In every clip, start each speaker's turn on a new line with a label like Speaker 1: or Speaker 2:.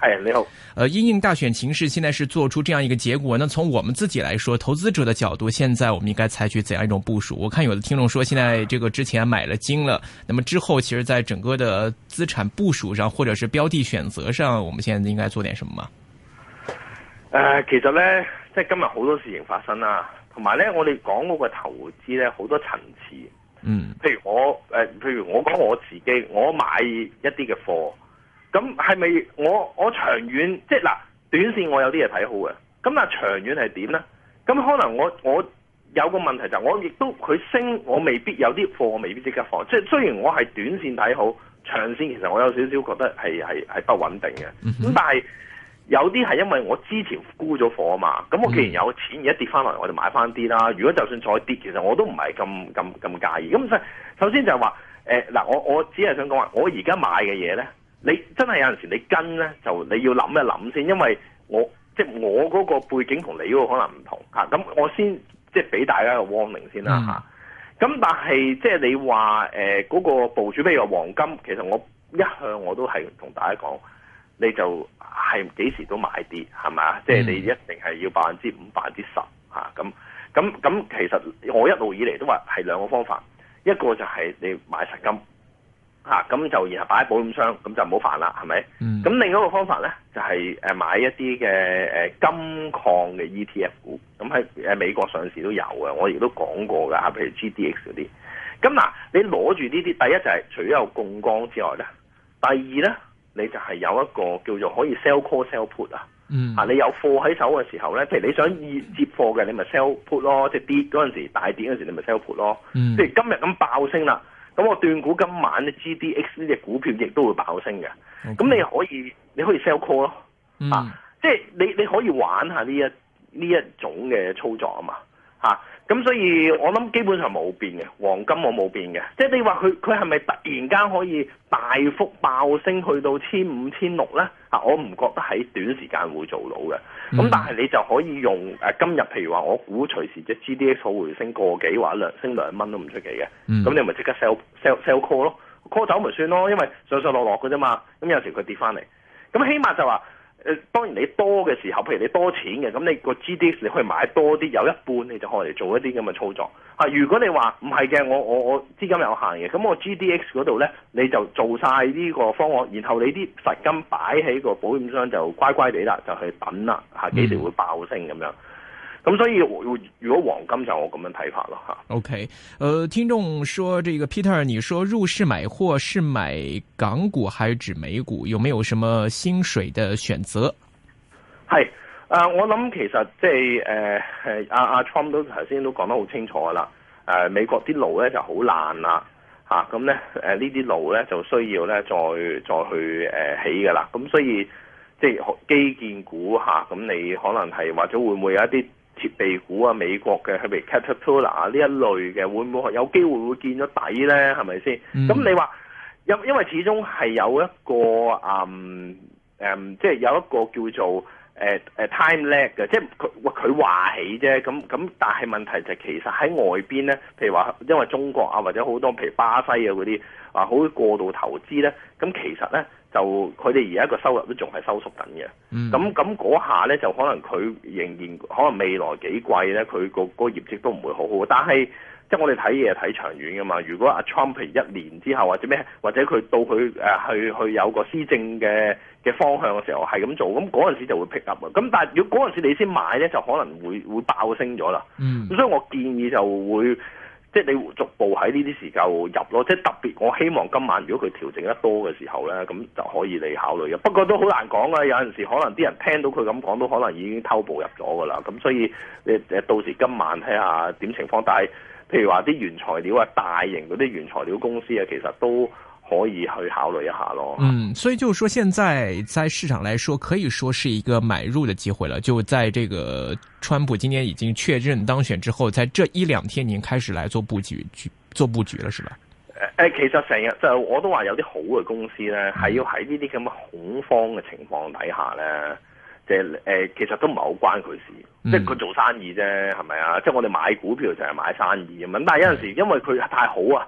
Speaker 1: 係，你好。呃，因應大選情勢現在是做出這樣一個結果，那從我們自己來說，投資者的角度，現在我們應該採取怎樣一種部署？我看有的聽眾說，現在這個之前買了金了，那麼之後其實，在整個的資產部署上，或者是標的選擇上，我們現在應該做點什麼？
Speaker 2: 呃，其實呢，即係今日好多事情發生啦、啊，同埋呢，我哋講嗰個投資呢，好多層次，嗯，譬如我誒、呃，譬如我講我自己，我買一啲嘅貨。咁係咪我我長遠，即係嗱，短線我有啲嘢睇好嘅，咁嗱長遠係點咧？咁可能我我有個問題就我亦都佢升，我未必有啲貨，我未必即刻放。即係雖然我係短線睇好，長線其實我有少少覺得係係係不穩定嘅。咁、嗯、哼但係有啲係因為我之前沽咗貨啊嘛，咁我既然有錢而家跌翻落嚟，我就買翻啲啦。嗯、如果就算再跌，其實我都唔係咁咁咁介意。咁所以首先就係話，嗱、欸，我我只係想講話，我而家買嘅嘢咧。你真係有陣時，你跟咧就你要諗一諗先，因為我即係我嗰個背景同你嗰個可能唔同嚇，咁、啊、我先即係俾大家一個 warning 先啦嚇。咁、啊嗯、但係即係你話誒嗰個部署，譬如話黃金，其實我一向我都係同大家講，你就係幾時都買啲係咪啊？嗯、即係你一定係要百分之五、百分之十嚇咁咁咁。其實我一路以嚟都話係兩個方法，一個就係你買實金。咁、啊、就然後擺喺保險箱，咁就唔好煩啦，係咪？咁、嗯、另一個方法咧，就係、是、誒買一啲嘅金礦嘅 ETF 股，咁喺美國上市都有嘅，我亦都講過㗎。譬如 GDX 嗰啲，咁嗱，你攞住呢啲，第一就係除咗有槓桿之外咧，第二咧你就係有一個叫做可以 sell call sell put 啊，嗯、啊，你有貨喺手嘅時候咧，譬如你想接貨嘅，你咪 sell put 咯，即係跌嗰陣時大跌嗰陣時，時你咪 sell put 咯，即係、嗯、今日咁爆升啦。咁我斷估今晚嘅 GDX 呢隻股票亦都會爆升嘅。咁你可以你可以 sell call 咯，嗯、啊，即係你你可以玩下呢一呢一種嘅操作啊嘛，嚇。咁所以，我諗基本上冇變嘅，黃金我冇變嘅。即係你話佢佢係咪突然間可以大幅爆升去到千五千六咧？啊，我唔覺得喺短時間會做到嘅。咁、嗯、但係你就可以用誒、啊、今日，譬如話我估隨時即 G D X 會升個幾或者兩升兩蚊都唔出奇嘅，咁、嗯、你咪即刻 sell sell sell call 咯，call 走咪算咯，因為上上落落嘅啫嘛，咁有時佢跌翻嚟，咁起碼就話。誒當然你多嘅時候，譬如你多錢嘅，咁你個 GDX 你可以買多啲，有一半你就可以嚟做一啲咁嘅操作吓，如果你話唔係嘅，我我我資金有限嘅，咁我 GDX 嗰度咧，你就做晒呢個方案，然後你啲實金擺喺個保險箱就乖乖地啦，就去等啦嚇，幾時會爆升咁樣。咁所以，如果黃金就我咁樣睇法啦吓。
Speaker 1: OK，呃，聽眾說，這個 Peter，你說入市買貨，是買港股，還是指美股？有沒有什麼心水的選擇？
Speaker 2: 係，誒、呃，我諗其實即係誒阿阿 Tom 都頭先都講得好清楚啦。誒、呃，美國啲路咧就好爛啦，吓、啊，咁咧誒呢啲、呃、路咧就需要咧再再去誒、呃、起噶啦。咁所以即係基建股吓，咁、啊、你可能係或者會唔會有一啲？設備股啊，美國嘅譬如 Caterpillar 呢一類嘅，會唔會有機會會見咗底咧？係咪先？咁、嗯、你話，因因為始終係有一個嗯誒，即、嗯、係、就是、有一個叫做誒誒、呃呃、time lag 嘅，即係佢佢話起啫。咁咁，但係問題就係其實喺外邊咧，譬如話因為中國啊，或者好多譬如巴西啊嗰啲。啊！好過度投資咧，咁其實咧就佢哋而家個收入都仲係收縮緊嘅。嗯。咁咁嗰下咧就可能佢仍然可能未來幾季咧，佢個個業績都唔會好好。但係即係我哋睇嘢睇長遠㗎嘛。如果阿 Trump 一年之後或者咩，或者佢到佢、呃、去去有個施政嘅嘅方向嘅時候，係咁做，咁嗰陣時就會 pick up 啊。咁但係如果嗰陣時你先買咧，就可能會會爆升咗啦。嗯。咁所以我建議就會。即係你逐步喺呢啲時間入咯，即係特別我希望今晚如果佢調整得多嘅時候咧，咁就可以你考慮嘅。不過都好難講啊，有陣時可能啲人聽到佢咁講，都可能已經偷步入咗噶啦。咁所以你誒到時今晚睇下點情況。但係譬如話啲原材料啊，大型嗰啲原材料公司啊，其實都，可以去考慮一下咯。嗯，
Speaker 1: 所以就是說，現在在市場來說，可以說是一個買入嘅機會了。就在這個川普今年已經確認當選之後，在這一兩天已經開始來做布局，做布局了，是吧？
Speaker 2: 誒，其實成日就我都話有啲好嘅公司咧，係要喺呢啲咁嘅恐慌嘅情況底下咧，即係誒，其實都唔係好關佢事，即係佢做生意啫，係咪啊？即係我哋買股票就係買生意咁樣，但係有陣時因為佢太好啊，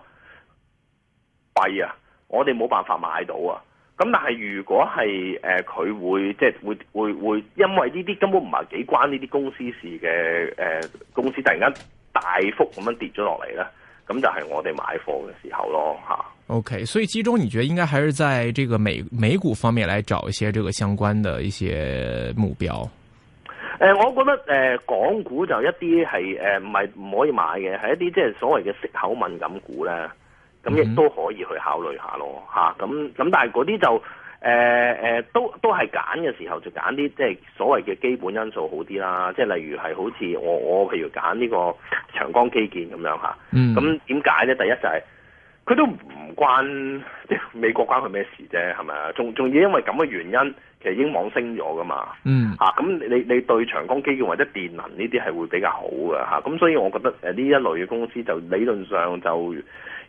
Speaker 2: 弊、嗯、啊。我哋冇辦法買到啊！咁但係如果係誒佢會即係會會會因為呢啲根本唔係幾關呢啲公司事嘅誒，公司突然間大幅咁樣跌咗落嚟咧，咁就係我哋買貨嘅時候咯吓。
Speaker 1: OK，所以其中你覺得應該還是在這個美美股方面來找一些這個相關的一些目標。
Speaker 2: 誒、呃，我覺得誒、呃、港股就一啲係誒唔係唔可以買嘅，係一啲即係所謂嘅息口敏感股咧。咁亦都可以去考慮下咯，咁咁但係嗰啲就誒、誒誒、都都係揀嘅時候就揀啲即係所謂嘅基本因素好啲啦，即係例如係好似我我譬如揀呢個長江基建咁樣嚇，咁點解咧？第一就係、係。佢都唔關美國關佢咩事啫，係咪啊？仲仲要因為咁嘅原因，其實英鎊升咗噶嘛？
Speaker 1: 嗯，吓咁、
Speaker 2: 啊、你你對長江基建或者電能呢啲係會比較好嘅。吓、啊，咁所以我覺得誒呢一類嘅公司就理論上就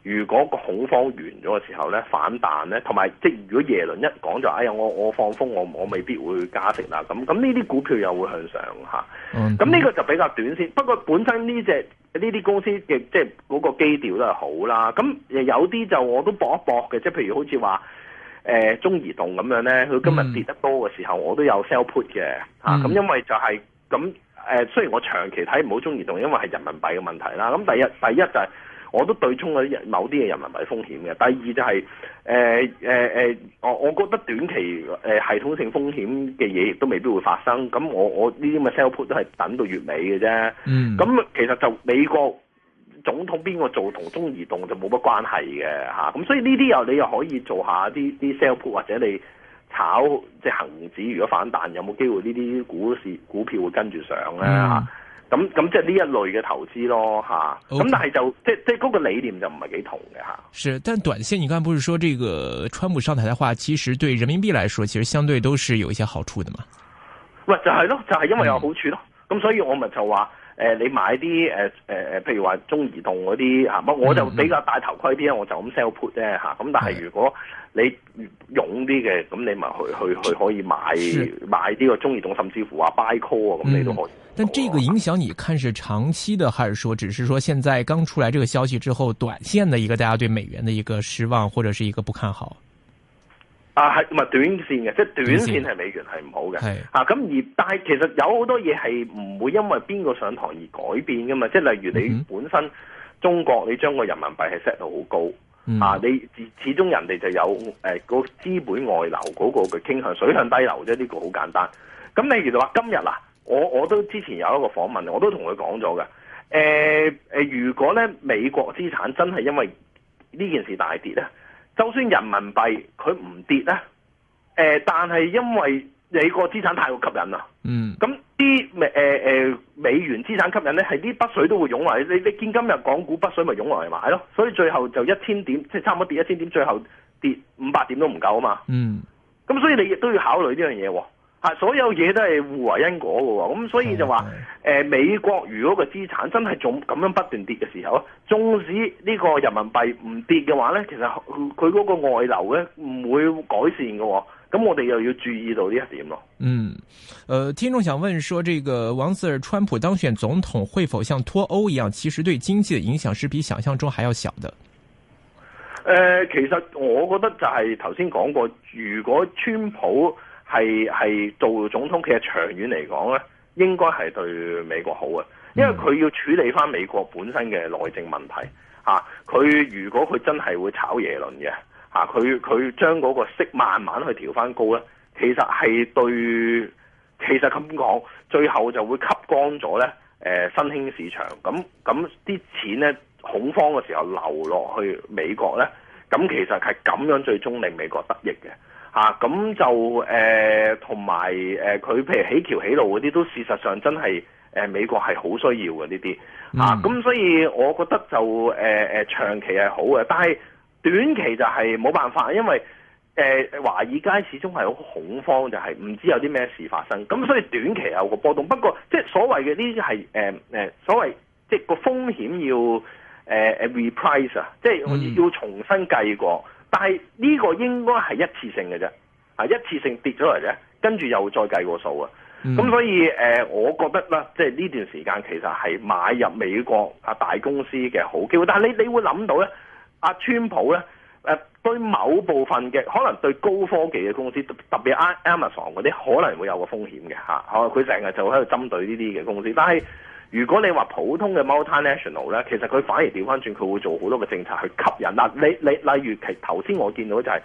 Speaker 2: 如果個恐慌完咗嘅時候咧反彈咧，同埋即係如果耶倫一講就哎呀我我放風我我未必會加息啦，咁咁呢啲股票又會向上吓，咁、啊、呢個就比較短線。不過本身呢隻。呢啲公司嘅即係嗰個基調都係好啦，咁誒有啲就我都搏一搏嘅，即係譬如好似話誒中移動咁樣咧，佢今日跌得多嘅時候，我都有 sell put 嘅嚇，咁、嗯啊、因為就係咁誒，雖然我長期睇唔好中移動，因為係人民幣嘅問題啦，咁第一第一就係。我都對沖了某啲嘅人民幣風險嘅。第二就係誒誒我我覺得短期系統性風險嘅嘢亦都未必會發生。咁我我呢啲咪 sell put 都係等到月尾嘅啫。嗯。咁其實就美國總統邊個做同中移動就冇乜關係嘅嚇。咁所以呢啲又你又可以做下啲啲 sell put 或者你炒即係恆指如果反彈有冇機會呢啲股市股票會跟住上咧嚇咁咁即係呢一類嘅投資咯吓，咁但係就 Okay. 即即嗰個理念就唔係幾同嘅吓。
Speaker 1: 是，但短線你剛才不是說，這個川普上台嘅話，其實對人民幣來說，其實相對都是有一些好處的嘛。
Speaker 2: 喂，就係、是、咯，就係、是、因為有好處咯，咁、嗯、所以我咪就話，誒、呃、你買啲誒誒誒，譬如話中移動嗰啲吓，我就比較大頭盔啲啊，我就咁 sell put 啫。吓、嗯。咁但係如果你勇啲嘅，咁你咪去去是去可以買買啲個中移動，甚至乎話 buy call 啊，咁你都可以。嗯。
Speaker 1: 但這個影響，你看是長期的，還是說只是說現在剛出來這個消息之後，短線的一個大家對美元的一個失望或者是一個不看好？
Speaker 2: 啊，係唔係短線嘅？即係短線係美元係唔好嘅。係啊，咁而但係其實有好多嘢係唔會因為邊個上台而改變噶嘛。即係例如你本身中國你將個人民幣係 set 到好高、嗯、啊，你始終人哋就有誒、呃個資本外流嗰個嘅傾向，水向低流啫，呢、這個好簡單。咁你其實話今日啊？我我都之前有一個訪問，我都同佢講咗嘅。誒、呃、誒、呃，如果咧美國資產真係因為呢件事大跌咧，就算人民幣佢唔跌咧，誒、呃，但係因為美國資產太過吸引啦。嗯。咁啲美誒誒美元資產吸引咧，係啲北水都會湧嚟。你你見今日港股北水咪湧嚟買咯，所以最後就一千點，即係差唔多跌一千點，最後跌五百點都唔夠啊嘛。嗯。咁所以你亦都要考慮呢樣嘢喎。啊！所有嘢都係互為因果嘅，咁所以就話誒、呃，美國如果個資產真係仲咁樣不斷跌嘅時候，縱使呢個人民幣唔跌嘅話咧，其實佢嗰個外流咧唔會改善嘅，咁我哋又要注意到呢一點咯。嗯，誒、
Speaker 1: 呃，聽眾想問說，這個王 s i 川普當選總統會否像脫歐一樣，其實對經濟嘅影響是比想象中還要小的？誒、呃，
Speaker 2: 其實我覺得就係頭先講過，如果川普。係係做總統，其實長遠嚟講咧，應該係對美國好嘅，因為佢要處理翻美國本身嘅內政問題。嚇、啊，佢如果佢真係會炒耶倫嘅，嚇、啊，佢佢將嗰個息慢慢去調翻高咧，其實係對，其實咁講，最後就會吸乾咗咧。誒、呃，新興市場，咁咁啲錢咧恐慌嘅時候流落去美國咧，咁其實係咁樣最終令美國得益嘅。嚇咁，啊、就誒同埋誒佢譬如起橋起路嗰啲都事實上真係誒、呃、美國係好需要嘅呢啲。嚇、咁所以我覺得就誒誒、呃、長期係好嘅，但係短期就係冇辦法，因為誒、呃、華爾街始終係好恐慌，就係、是、唔知有啲咩事發生，咁所以短期有個波動。不過即係所謂嘅呢啲係誒所謂即係個風險要誒誒 reprice 啊，呃、reprice，即係要重新計過。嗯但係呢個應該係一次性嘅啫，啊，一次性跌咗嚟啫，跟住又再計過數啊，咁、嗯、所以誒，我覺得啦，即係呢段時間其實係買入美國啊大公司嘅好機會，但係你你會諗到咧，阿川普咧誒對某部分嘅可能對高科技嘅公司，特別阿 Amazon 嗰啲可能會有個風險嘅嚇，佢成日就喺度針對呢啲嘅公司，但係。如果你話普通嘅 multinational 咧，其實佢反而調翻轉，佢會做好多嘅政策去吸引。嗱，你你例如其頭先我見到就係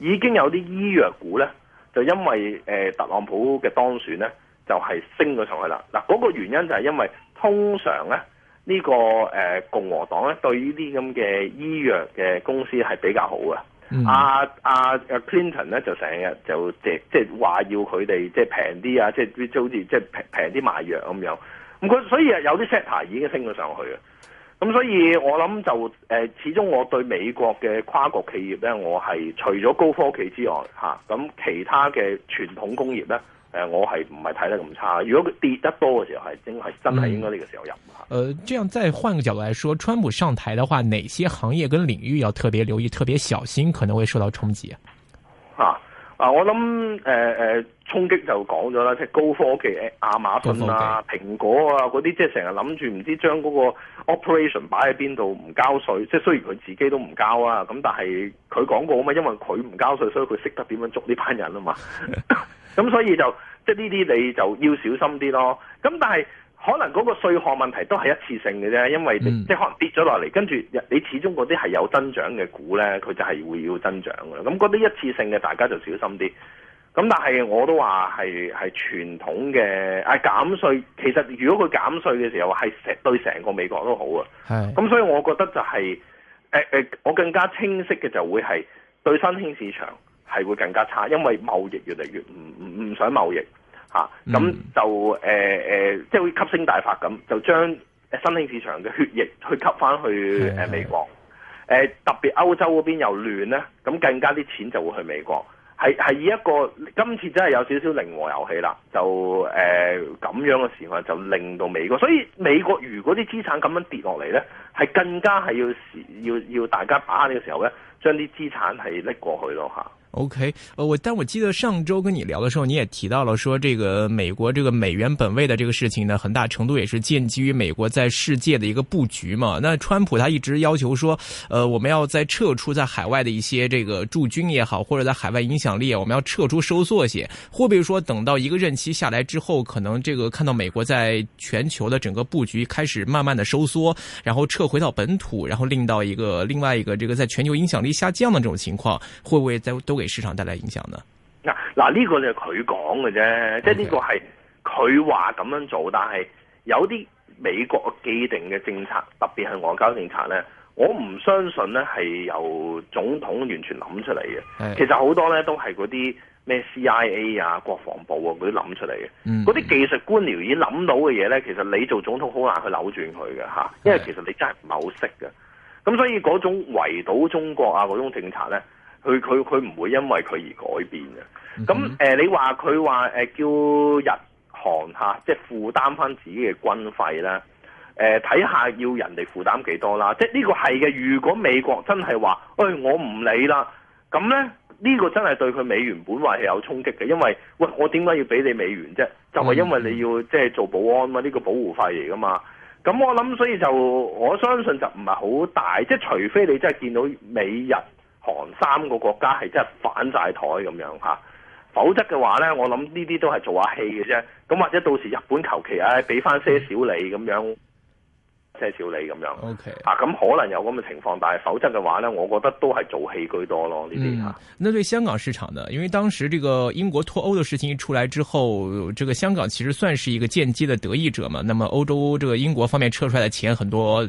Speaker 2: 已經有啲醫藥股咧，就因為誒特朗普嘅當選咧，就係升咗上去啦。嗱，嗰個原因就係因為通常咧呢個誒共和黨咧對呢啲咁嘅醫藥嘅公司係比較好嘅。阿阿阿 Clinton 咧就成日就即即話要佢哋即平啲啊，即好似即平平啲賣藥咁樣。咁所以啊有啲 sector，已經升咗上去，咁所以我諗就誒、呃，始終我對美國嘅跨國企業咧，我係除咗高科技之外，吓、啊、咁其他嘅傳統工業咧，誒、呃，我係唔係睇得咁差。如果佢跌得多嘅時候，係係真係應該呢個時候入。誒、啊嗯
Speaker 1: 呃，這樣再換個角度來說，川普上台的話，哪些行業跟領域要特別留意、特別小心，可能會受到衝擊啊？
Speaker 2: 啊！我諗誒誒衝擊就講咗啦，即係高科技，亞馬遜啊、蘋果啊嗰啲，即係成日諗住唔知將嗰個 operation 擺喺邊度唔交稅。即係雖然佢自己都唔交啊，咁但係佢講過啊嘛，因為佢唔交稅，所以佢識得點樣捉呢班人啊嘛。咁 所以就即係呢啲你就要小心啲咯。咁但係。可能嗰個稅項問題都係一次性嘅啫，因為你、嗯、即係可能跌咗落嚟，跟住你始終嗰啲係有增長嘅股咧，佢就係會要增長嘅。咁嗰啲一次性嘅，大家就小心啲。咁但係我都話係係傳統嘅啊、哎、減稅，其實如果佢減稅嘅時候係成對成個美國都好啊。係。咁所以我覺得就係誒誒，我更加清晰嘅就會係對新興市場係會更加差，因為貿易越嚟越唔唔唔想貿易。咁、啊、就誒、嗯呃、即係好似吸星大法咁，就將新興市場嘅血液去吸翻去美國。誒是、呃、特別歐洲嗰邊又亂咧，咁更加啲錢就會去美國。係係以一個今次真係有少少零和遊戲啦，就誒咁、呃、樣嘅時候，就令到美國。所以美國如果啲資產咁樣跌落嚟咧，係更加係要要要大家把握呢個時候咧，將啲資產係搦過去咯。
Speaker 1: OK，呃，我但我記得上周跟你聊的時候，你也提到了說這個美國這個美元本位的這個事情呢，很大程度也是建基於美國在世界的一個布局嘛。那川普他一直要求說，呃，我們要在撤出在海外的一些這個駐軍也好，或者在海外影響力，我們要撤出收縮些。會不會說等到一個任期下來之後，可能這個看到美國在全球的整個布局開始慢慢的收縮，然後撤回到本土，然後令到一個另外一個這個在全球影響力下降的這種情況，會不會在都給？俾市場帶來影響呢？
Speaker 2: 嗱，嗱呢個就係佢講嘅啫，即係呢個係佢話咁樣做，但係有啲美國既定嘅政策，特別係外交政策呢，我唔相信呢係由總統完全諗出嚟嘅。Hey. 其實好多呢都係嗰啲咩 CIA 啊、國防部啊嗰啲諗出嚟嘅。嗰啲 Hey. 技術官僚已經諗到嘅嘢呢，其實你做總統好難去扭轉佢嘅吓，Hey. 因為其實你真係唔係好識嘅。咁所以嗰種圍堵中國啊嗰種政策呢。佢佢佢唔會因為佢而改變嘅。咁、呃、你話佢話叫日韓吓，即係負擔返自己嘅軍費啦。呃、睇下要人哋負擔幾多啦。即係呢個係嘅。如果美國真係話，誒、欸、我唔理啦，咁咧呢、這個真係對佢美元本位係有衝擊嘅，因為喂我點解要俾你美元啫？就係、是、因為你要即係做保安嘛，呢、這個保護費嚟噶嘛。咁我諗，所以就我相信就唔係好大。即係除非你真係見到美日韓三個國家係真係反曬台咁樣嚇，否則嘅話呢，我諗呢啲都係做下戲嘅啫。咁或者到時日本求其誒俾翻些少你咁樣，些少你咁樣。OK。啊，咁可能有咁嘅情況，但係否則嘅話呢，我覺得都係做戲居
Speaker 1: 多咯。呢啲。嗯，那對香港市場呢？因為當時這個英國脫歐的事情一出來之後，這個香港其實算是一個間接的得益者嘛。那麼歐洲這個英國方面撤出來的錢很多。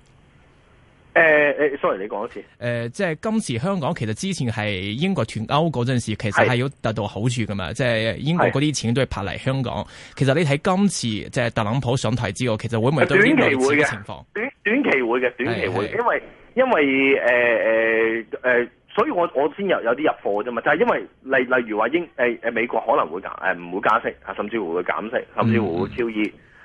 Speaker 2: 誒誒、呃、sorry，你講
Speaker 1: 一次。誒、呃，即係今次香港，其實之前係英國脫歐嗰陣時，其實係有得到好處噶嘛？是即係英國嗰啲錢都係拍嚟香港。是其實你睇今次即係特朗普上台之後，其實會唔會對英國有影響？短期會
Speaker 2: 嘅，短短期會嘅，短期會。是是因為因為誒誒誒，所以我我先有有啲入貨啫嘛。就係、是、因為例例如話英誒誒、呃、美國可能會減誒唔會加息啊，甚至會會減息，甚至會減息甚至會超意。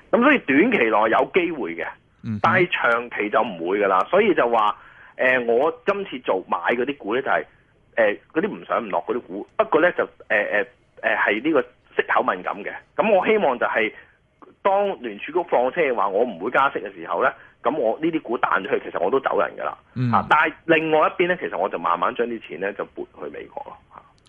Speaker 2: 咁、嗯、所以短期內有機會嘅。Mm hmm. 但係長期就唔會噶啦，所以就話誒、呃，我今次做買嗰啲股咧就係誒嗰啲唔上唔落嗰啲股，不過咧就誒誒誒係呢個息口敏感嘅。咁我希望就係當聯儲局放車話我唔會加息嘅時候咧，咁我呢啲股彈出去，其實我都走人噶啦。吓、mm hmm. 啊，但係另外一邊咧，其實我就慢慢將啲錢咧就撥去美國咯。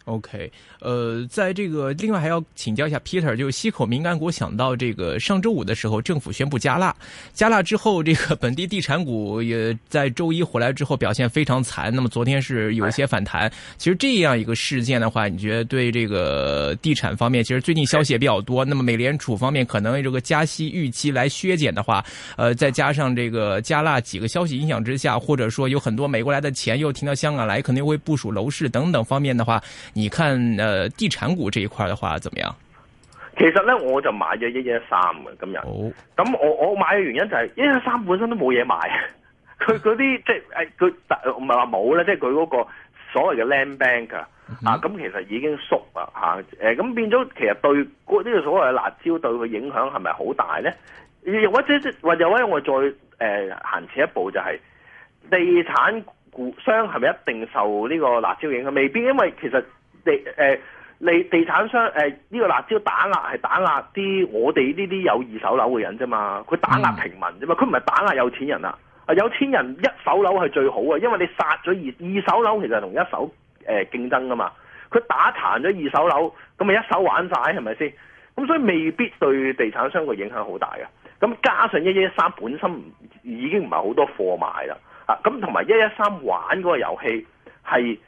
Speaker 1: OK，呃，在這個另外還要請教一下 Peter，就是息口敏感股，想到這個上周五的時候，政府宣布加辣，加辣之後，這個本地地產股也在周一回來之後表現非常慘。那麼昨天是有一些反彈。其實這樣一個事件的話，你覺得對這個地產方面，其實最近消息也比較多。那麼美聯儲方面可能這個加息預期來削減的話，呃，再加上這個加辣幾個消息影響之下，或者說有很多美國來的錢又停到香港來，肯定會部署樓市等等方面的話。你看誒，地產股這一塊嘅話，怎麼樣？
Speaker 2: 其實咧，我就買咗一一三嘅今日。咁、oh. 我我買嘅原因就係一一三本身都冇嘢賣，佢嗰啲即係誒，佢唔係話冇咧，即係佢嗰個所謂嘅 land bank 啊，咁其實已經縮啦吓。誒、啊，咁、呃、變咗其實對呢個所謂嘅辣椒對佢影響係咪好大咧？又或者或或者我再誒行、呃、前一步就係、是、地產股商係咪一定受呢個辣椒影響？未必，因為其實。地誒、呃、你地產商誒呢、呃這個辣椒打壓係打壓啲我哋呢啲有二手樓嘅人啫嘛，佢打壓平民啫嘛，佢唔係打壓有錢人啊！啊，有錢人一手樓係最好嘅，因為你殺咗二二手樓其實同一手、呃、競爭噶嘛，佢打殘咗二手樓，咁咪一手玩晒係咪先？咁所以未必對地產商個影響好大嘅。咁加上一一三本身已經唔係好多貨賣啦，啊，咁同埋一一三玩嗰個遊戲係。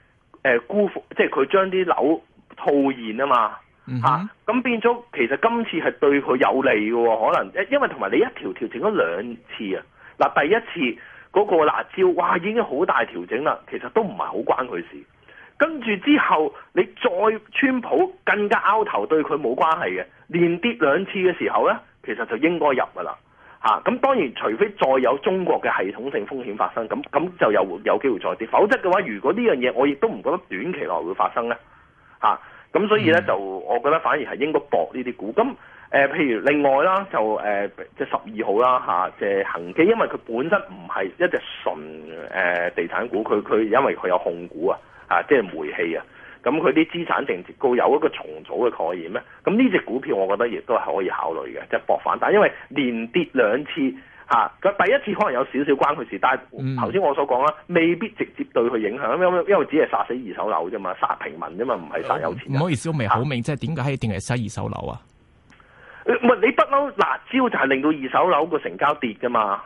Speaker 2: 誒、呃、辜負即係佢將啲樓套現啊嘛，咁、嗯哼啊、變咗，其實今次係對佢有利嘅，可能，因為同埋你一條調整咗兩次啊，嗱第一次嗰個辣招，哇已經好大調整啦，其實都唔係好關佢事，跟住之後你再川普更加拗頭對佢冇關係嘅，連跌兩次嘅時候呢，其實就應該入㗎啦。嚇，咁、啊、當然除非再有中國嘅系統性風險發生，咁咁就有有機會再跌。否則嘅話，如果呢樣嘢我亦都唔覺得短期內會發生咧。嚇、啊，咁所以咧、mm hmm. 就我覺得反而係應該搏呢啲股。咁誒、呃，譬如另外啦，就誒、呃、即係十二號啦嚇、啊，即係恒基，因為佢本身唔係一隻純誒、呃、地產股，佢佢因為佢有控股啊，啊即係煤氣啊。咁佢啲資產淨值高，有一個重組嘅概念咩？咁呢隻股票，我覺得亦都係可以考慮嘅，即係博反彈。但因為連跌兩次吓佢、啊、第一次可能有少少關佢事，但係頭先我所講啦，未必直接對佢影響。因為只係殺死二手樓啫嘛，殺平民啫嘛，
Speaker 1: 唔係殺有錢人。唔好意思，未好明，即係點解一定係殺二手樓啊？
Speaker 2: 唔係你不嬲，辣招、啊、就係令到二手樓個成交跌㗎嘛，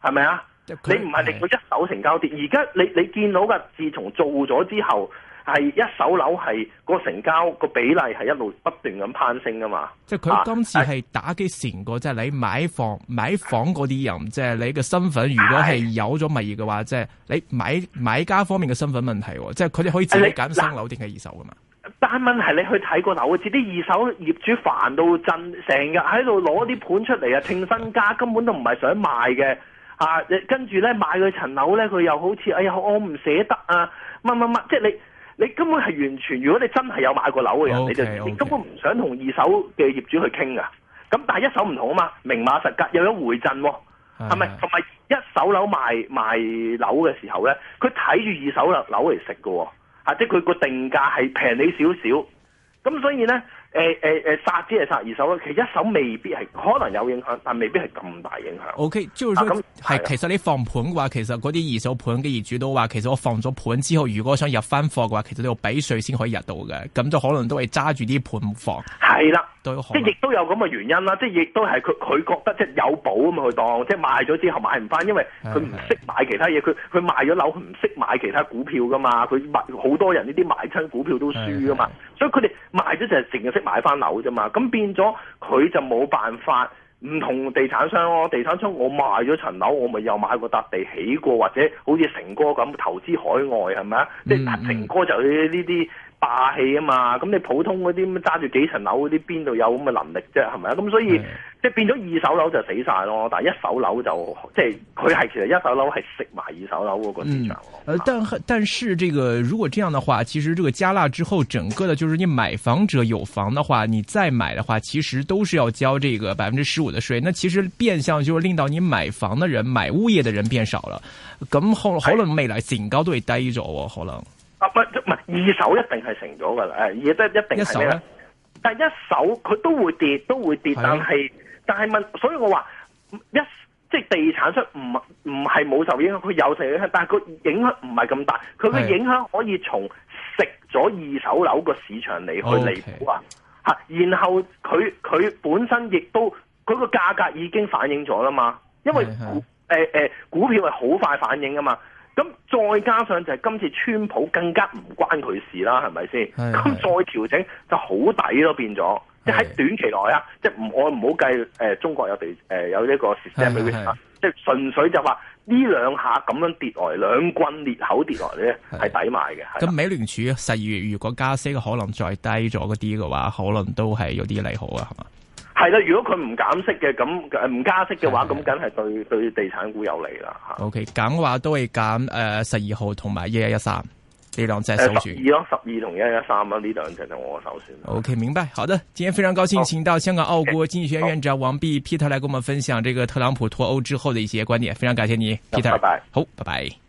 Speaker 2: 係咪啊？它你唔係令到一手成交跌。而家的你你見到嘅，自從做咗之後。係一手樓係嗰個成交個比例係一路不斷咁攀升噶嘛？
Speaker 1: 即係佢今次係打擊成個，即係、啊、你買房買房嗰啲人，即係、啊、你個身份如果係有咗物業嘅話，即係、啊、你買買家方面嘅身份問題，啊、即係佢哋可以自己揀新樓定係二手噶嘛？
Speaker 2: 但係問題你去睇個樓，似啲二手業主煩到震，成日喺度攞啲盤出嚟啊秤身家，根本都唔係想賣嘅啊！跟住咧買佢層樓咧，佢又好似哎呀我唔捨得啊！乜乜乜，即係你。你根本係完全，如果你真係有買過樓嘅人，okay, okay. 你就完全根本唔想同二手嘅業主去傾㗎。咁但係一手唔同啊嘛，明碼實價又有回贈喎、哦，係咪？同埋的一手樓賣賣樓嘅時候咧，佢睇住二手樓樓嚟食㗎喎，啊！即係佢個定價係平你少少，咁所以咧。誒誒誒，殺、哎哎、只係殺二手咯，其實一手未必係，可能有影響，
Speaker 1: 但未必係咁大影響。OK，即係說，係、啊、其實你放盤嘅話，其實嗰啲二手盤嘅業主都話，其實我放咗盤之後，如果我想入翻貨嘅話，其實要畀稅先可以入到嘅，咁就可能都係揸住啲盤房。
Speaker 2: 係啦。即係亦都有咁嘅原因啦，即係亦都係佢佢覺得即係有保啊嘛，佢當即係賣咗之後買唔翻，因為佢唔識買其他嘢，佢佢賣咗樓唔識買其他股票噶嘛，佢好多人呢啲買親股票都輸㗎嘛，所以佢哋賣咗就係成日識買翻樓啫嘛，咁變咗佢就冇辦法唔同地產商咯、哦，地產商我賣咗層樓，我咪又買過笪地起過，或者好似成哥咁投資海外係咪啊？嗯嗯、即係成哥就去呢啲。霸氣啊嘛，咁你普通嗰啲咁揸住幾層樓嗰啲，邊度有咁嘅能力啫？係咪啊？咁所以是的 即係變咗二手樓就死晒咯，但係一手樓就即係佢係其實一手樓係食埋二
Speaker 1: 手樓嗰個市場咯、嗯。呃，但但是、這個、如果這樣的話，其實這個加辣之後，整個的，就是你買房者有房的話，你再買的話，其實都是要交這個百分之十五的稅。那其實變相就是令到你買房的人、買物業的人變少了。咁可能未來成交都會低咗喎，是的 可能。
Speaker 2: 啊！唔唔，二手一定係成咗噶啦，誒，而都一定係咩咧？但係一手佢都會跌，都會跌，是嗎但係但係問，所以我話一即係地產商唔唔係冇受影響，佢有受影響，但係佢影響唔係咁大，佢嘅影響可以從食咗二手樓個市場嚟去彌補啊！嚇的，然後佢佢本身亦都佢個價格已經反映咗啦嘛，因為股誒誒的、呃呃、股票係好快反映噶嘛。咁再加上就係今次川普更加唔關佢事啦，係咪先？咁是是 再調整就好抵咯，變咗即係喺短期內啊！是是即係我唔好計、呃、中國有地、呃、有呢個是是 system 啊，即係純粹就話呢兩下咁樣跌來兩軍裂口跌來咧係抵埋嘅。咁是是 的
Speaker 1: 美聯儲十二月如果加息嘅可能再低咗嗰啲嘅話，可能都係有啲利好啊，係嘛？
Speaker 2: 係啦，如果佢唔減息嘅，咁誒唔加息嘅話，咁梗係對對地產股有利啦
Speaker 1: 吓。O K，減嘅話都係減誒，十、呃、二號同埋一一一三呢兩隻首選。
Speaker 2: 十二十二同一一三啦，呢兩隻就我嘅
Speaker 1: 首選。O K，明白。好的，今天非常高興，請到香港澳國經濟學院院長王弼 Peter 來跟我們分享這個特朗普脫歐之後的一些觀點。非常感謝你，Peter。拜拜。好，拜拜。